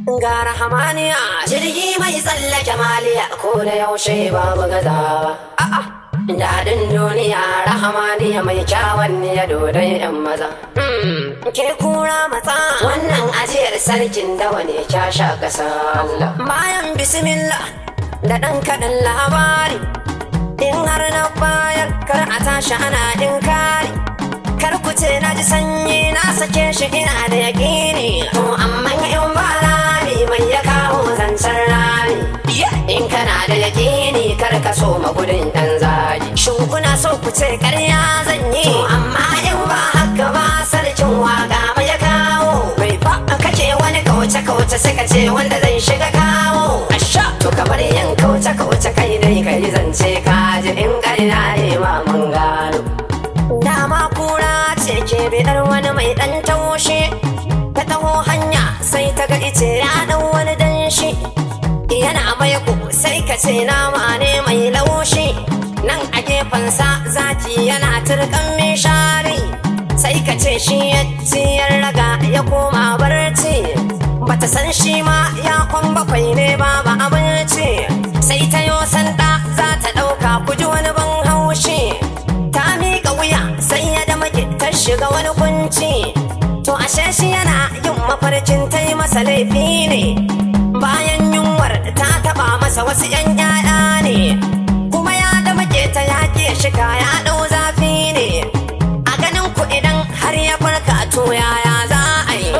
Ga rahamaniya jirgi mai tsallake maliya ko da yaushe babu gazawa. A'a, daɗin duniya rahamaniya mai ne ya dodon yan maza. Hmm, ke kura matsa wannan ajiyar sarkin dawa ne ta sha ƙasa Allah. Bayan bismillah da ɗan kaɗan labari. In har na bayar kar a tashi ana kari Kar ku ce na ji sanyi na sake shi ina da yaƙi. shin kuna so ku ce ƙarya zan yi amma in ba haka ba sarkin waga mai ya kawo bai ba kake wani kauce kauce ka ce wanda zan shiga kawo asha to ka bar yin kauce kauce kai dai kai zance ka ji in ƙarya ne ma mun gano dama kura ce ke bidar wani mai ɗan taushe ta taho hanya sai ta ga ice ya wani danshi yana mai ku sai ka ce nama ne fansa zaki yana turkan mishari sai ka ce shi ya raga ya koma barci bata san shi ma ya kwan bakwai ne babu abinci sai ta yo sanda za ta ɗauka ku ji wani ban haushi ta miƙa wuya sai ya da ta shiga wani kunci to ashe shi yana yin mafarkin ta masa laifi ne bayan yunwar ta taɓa masa wasu 'yan 'ya'ya ne ta yake shiga ya ɗau zafi ne a ganin ku idan har ya farka to yaya za a yi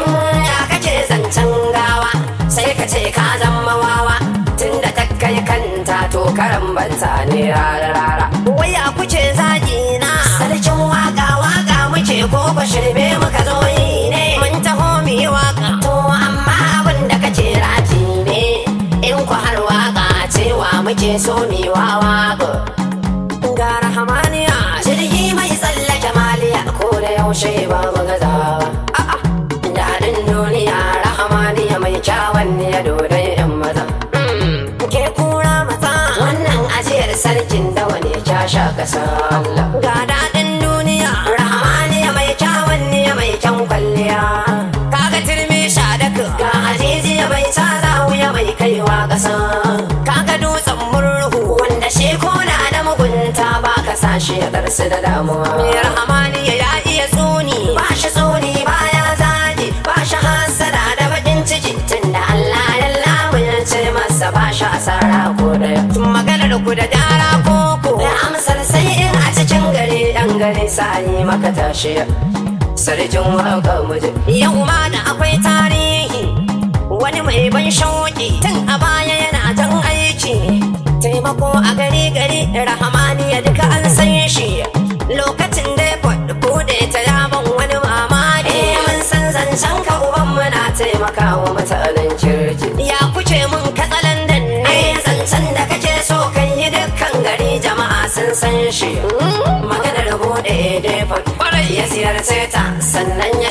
ya kake zancen gawa sai ka ce ka zama wawa tun da ta kai kanta to karan banta ne rara rara waya kuke zagi na sarkin waka waka muke ko ba shirme muka zo yi ne mun taho mu yi waka to amma abin da kake raji ne in ku har waka cewa muke so hamaniya jirgi mai tsallake maliya ko da yaushe ba mu gazawa daɗin duniya rahamaniya mai kyawun ne dodon yan maza ke kura mata. wannan ajiyar sarkin dawa ne ta sha kasa ga daɗin duniya rahamaniya mai kyawun ne mai kyan kwalliya kaga turmi sha daga ga aziziya mai tsada wuya mai kaiwa ƙasa tashi ya darsu da damuwa mai rahamani ya iya tsuni ba shi tsuni baya zagi ba shi hasada da bakin ciki da Allah ya ce masa ba shi asara ko daya maganar ku da gyara koko ya amsar sai in a cikin gari yan gari yi maka tashi sarkin waka muje yau ma da akwai tarihi wani mai ban shauki tun a baya yana jan aiki taimako a gari gari rahamaniya duka kawo mutanen kirki ya kuce mun katsalan dan ne zancen da kake so kan yi dukkan gari jama'a sun san shi mm. maganar bude depot ya ziyarce ta sannan ya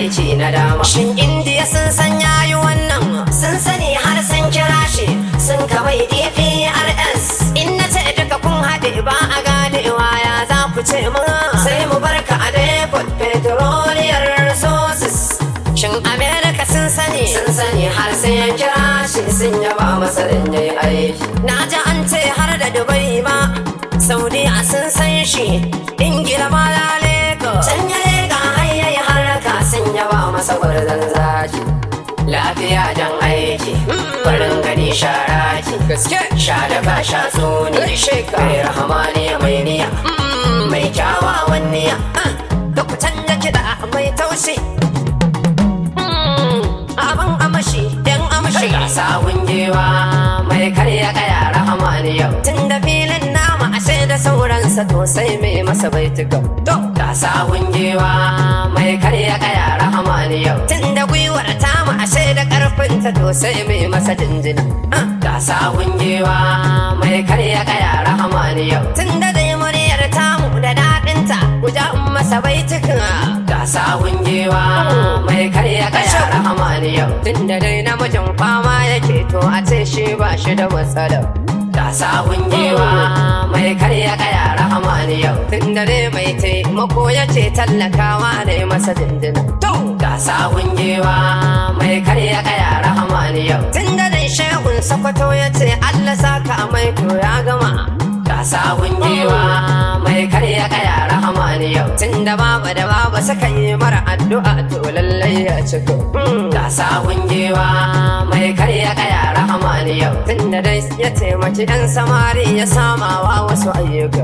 aiki na dama shin indiya sun san yayi wannan sun sani har sun kira shi sun kawai dprs in na ce duka kun haɗe ba a gane ya za ku ce mun sai mu barka a depot petroleum resources shin america sun sani sun sani har sai ya kira shi sun yaba masa din yi aiki na ji an ce har da dubai ma a sun san shi ingila ma laleko ba masa gwarzan zaki lafiya dan aiki farin gani shara ki gaske sha da ba sha tsoni kai mai niya mm. mai kyawawan niya ah. ka kutan kiɗa mai tausi masa to sai me masa bai tuka to ka sa mai karya kaya rahamani yau tun da gwiwar ta mu ashe da karfin ta to sai me masa jinjina ka ah, sa mai karya kaya rahamani yau tun da dai muryar ta da dadin ta guja masa bai tuka ka sa mai karya kaya rahamani yau tun da dai namijin fama yake to a ce shi ba shi da matsala ta sabon jewa mai karya kaya rahama ne yau tun dare mai taimako ya ce tallakawa ne masa dindina ta sabon jewa mai karya kaya rahama ne yau tun dare shehun sakwato ya ce allah saka mai to ya gama ta sabon jewa mai karya kaya rahama ne yau tun da baba da baba suka yi mara addu'a to lallai ya a ciko. Ga sabon gewa mai karya kaya ne yau. Tunda dai ya taimaki ɗan samari ya samawa wasu ayyuka.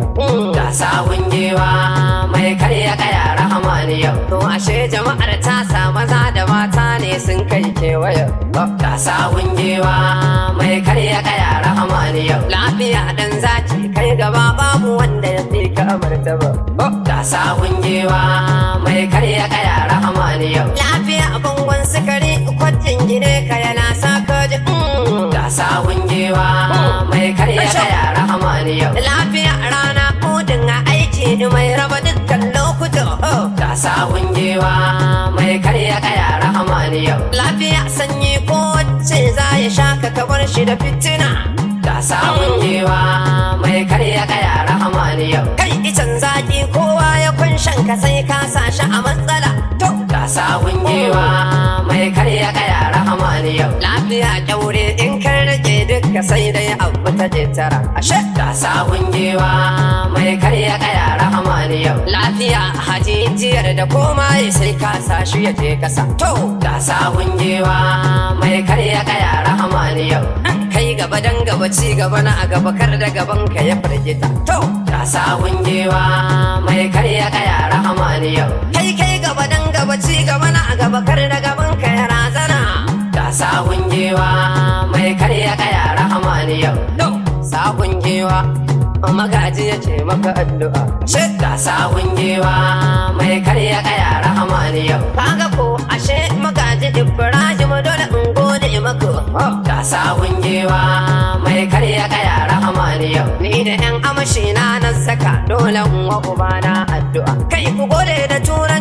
Ga sabon gewa mai karya kaya ne yau. To ashe jama'ar ta sa maza da mata ne sun kai kewaya. Ga sabon gewa mai karya kaya ne yau. Lafiya dan zaki kai gaba babu wanda ya fi ka martaba. Ga sabon gewa yau lafiya a bangon sukari kwajin gine ka na sa kaji mm. ga sawun gewa mai karya da yara hamani yau lafiya a rana kodin a aiki mai raba dukkan lokuta ga sawun gewa mai karya da yara hamani yau lafiya sanyi kowace za ya sha ka shi da fitina ga sawun gewa mai karya da yara hamani yau kai icen zaki kowa ya kun ka sai ka sa shi a sabon gewa mai karya kaya rahamani yau lafiya kyaure in kan rage duka sai dai abu ta je tara ashe ga sabon mai karya kaya rahamani yau lafiya hajijiyar da koma sai ka sa shi ya je kasa to ga sabon mai karya kaya rahamani yau kai gaba dan gaba ci gaba na a gaba kar da gaban ka ya firgita to ga sabon mai karya kaya rahamani yau kai gaba ci gaba na a gaba kar da gaban ka ya razana ga sabon gewa mai karya kaya no sabon gewa magaji ya ce maka addu'a ce ga sabon gewa mai karya rahmani rahamaniyar kaga ko ashe magaji ibrahim dole in gode maka ga sabon gewa mai karya rahmani rahamaniyar ni da yan amashi na nan saka dole in wa ubana addu'a kai ku gode da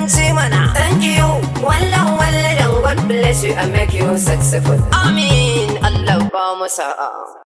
ce mana thank you wallan wallan god bless you and make you successful amin Allah ba mu sa'a